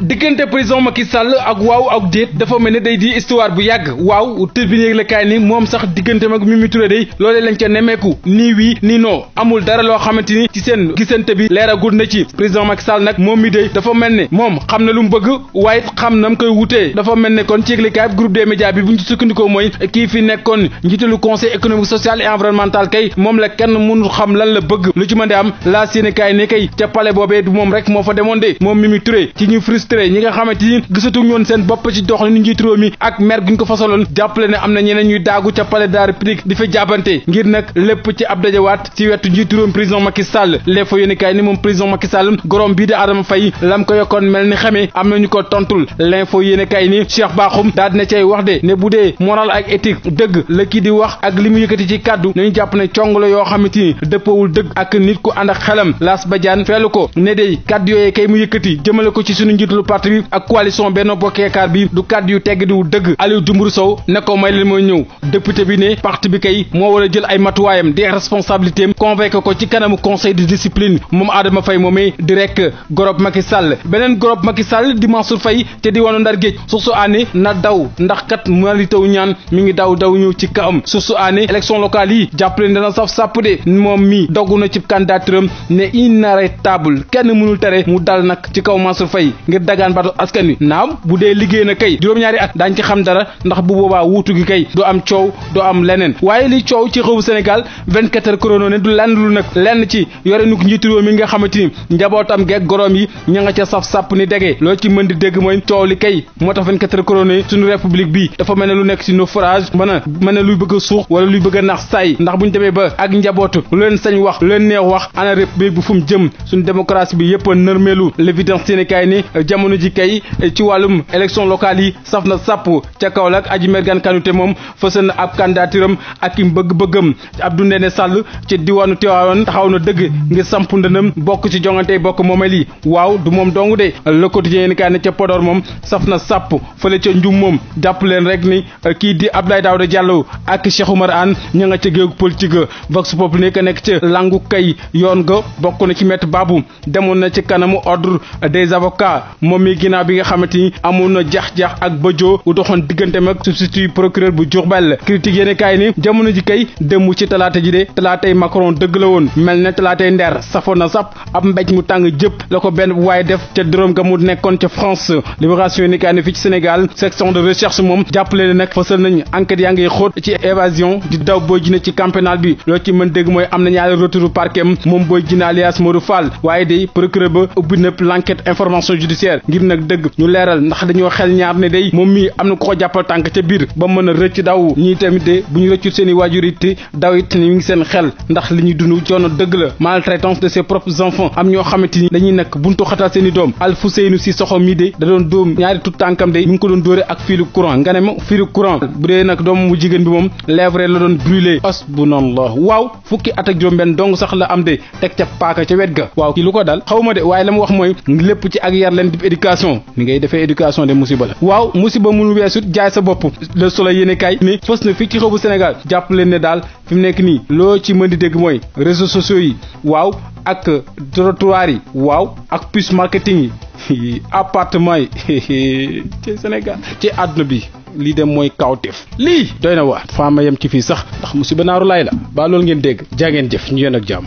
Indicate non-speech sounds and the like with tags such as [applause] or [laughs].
diggante président Macky Sall ak waaw ak déet dafa mel ne day di histoire bu yàgg waaw bi tribune yëglekaay ni moom sax diggante mag Mimi Touré day loolee lañ ca nemeeku nii wii nii no amul dara loo xamante ni ci seen gisante bi leeragul na ci président Macky Sall nag moom mi day dafa mel ne moom xam na lu mu bëgg waaye xam na mu koy wutee dafa mel ne kon ci yëglekaay bi groupe des médias bi bu ñu sukkandikoo mooy kii fi nekkoon njiitalu conseil économique social et environnemental kay moom la kenn mënul xam lan la bëgg lu ci mën a am laa seen kaay ne kay ca palais boobee moom rek moo fa demoon de moom Mimi Touré frustré ñi nga xamante ni gisatu ñoon seen bopp ci doxalinu njiitu réew mi ak mer guñ ko fasaloon jàppale ne am na ñeneen ñuy daagu ca palais de la république di fa jàppante ngir nag lépp ci ab dajawaat ci wetu njiitu réew mi président Macky Sall les fa yéenekaay ni moom président Macky Sall gorom bii di Adama Faye lam ko yokkoon mel ni xamee am nañu ko tontul l'info yéenekaay ni Cheikh Bakhoum daal dina cay wax de ne bu dee moral ak éthique dëgg la kii di wax ak li mu yëkkati ci kàddu nañu jàpp ne cong la yoo xamante ni dëppawul dëgg ak nit ku ànd ak xelam Las Badiane feelu ko ne day kàddu yooyee kay mu yëkkati jëmale ko ci sunu njiitu njiitalu parti bi ak coalition Benno Bokk Yaakaar bi du kàddu yu tegg diwu dëgg Aliou Dembourou Sow ne ko may leen mooy ñëw député bi ne parti bi kay moo war a jël ay matuwaayam di responsabilité am convoqué ko ci kanamu conseil de discipline moom Adama Faye moomee di rek groupe Macky Sall beneen groupe Macky Sall di Mansour fay te di wanu Ndar Géej suuf su aane na daw ndax kat Mary Teuw Niane mi ngi daw daw ñëw ci kawam suuf su aane élection locale yi jàppale ne dana saf sàpp de moom mi dogu na ci candidature am ne inarrêtable kenn mënul tere mu dal nag ci kaw Mansour Faye dagaan batu askan wi naam bu dee liggéey na kay juróom-ñaari at daañ ci xam dara ndax bu boobaa wuutu gi kay doo am coow doo am leneen waaye li coow ci xëwu Sénégal 24 heures chrono ne du lenn lu nag lenn ci yore nu njiitu réew mi nga xamante ni njabootam geeg goroom yi ña ca saf sàpp ni degee loo ci mën di dégg mooy coow li kay moo tax 24 heures chrono suñu république bi dafa mel ne lu nekk si naufrage mën a mën a luy bëgg a suux wala luy bëgg a ba ak njabootu lu leen sañ wax a jamono ji kay ci wàllum élection locale yi saf na sàpp ca Kaolack Aji Mergane Kanouté moom fësal na ab candidature ak i bëgg-bëggam Abdou Ndéné Sall ci diwaanu Tivaouane taxaw na dëgg ngir samp ndënam bokk ci jongante bokk moomeel yi waaw du moom dong de Le Quotidien yéen kaay ne ca Podor moom saf na sàpp fële ca njum moom jàpp leen rek ni eh, kii di Abdoulaye Daouda Diallo ak Cheikh Oumar Anne ña nga ca géegu politique Vox Populi nekk nekk ca langu kay yoon ga bokk na ci met babu demoon na ci kanamu ordre moom mi ginnaaw bi nga xamante ni amoon na jax-jax ak bëjoo u doxoon digganteem ak substitut procureur bu Diourbel critique yéen kaay ni jamono ji kay démb ci talaata ji de talaatay Macron dëgg la woon mel ne talaatay ndeer safoon na sap ab mbéj mu tàng jëpp la ko benn waaye def ca dërëm ga mu nekkoon ca France libération yéen kaay ni fii ci Sénégal section de recherche moom jàppale ne nag fësal nañ enquête yaa ngi xóot ci évasion di daw booy jine ci camp pénal bi loo ci mën dégg mooy am na ñaari retour parquet moom booy jine alias waaye de procureur ba ubbi na judiciaire ngir nag dëgg ñu leeral ndax dañoo xel ñaar ne day moom mii am na ko jàppal tànk ca biir ba mën a rëcc daw ñii tamit de bu ñu rëccul seen i waajur it daw it tut tànkam de mi ko doon dóore ak fiilu courant nga ma fiilu courant bu dee nag doom mu jigéen bi moom lèvre la doon brûlé os bu noonu la waaw fukki at ak dong sax la am de teg ca paaka ca wet ga waaw ki lu ko dal xaw de waaye la mu wax mooy lépp ci ak yar leen yëpp éducation ni ngay defee éducation de musiba la waaw musiba mënul weesut jaay sa bopp le soleil yéene kaay ni fës na fii ci xëbu Sénégal jàpp leen ne daal fi mu nekk nii loo ci mën di dégg mooy réseaux sociaux yi waaw ak trottoir yi waaw ak puce marketing yi [laughs] appartement yi [laughs] ci senegal ci àdduna bi lii dem mooy kawteef lii doy na waar faama ci fii sax ndax musiba naaru laay la baa loolu ngeen dégg jaa ngeen jëf ñu yéen ak jàmm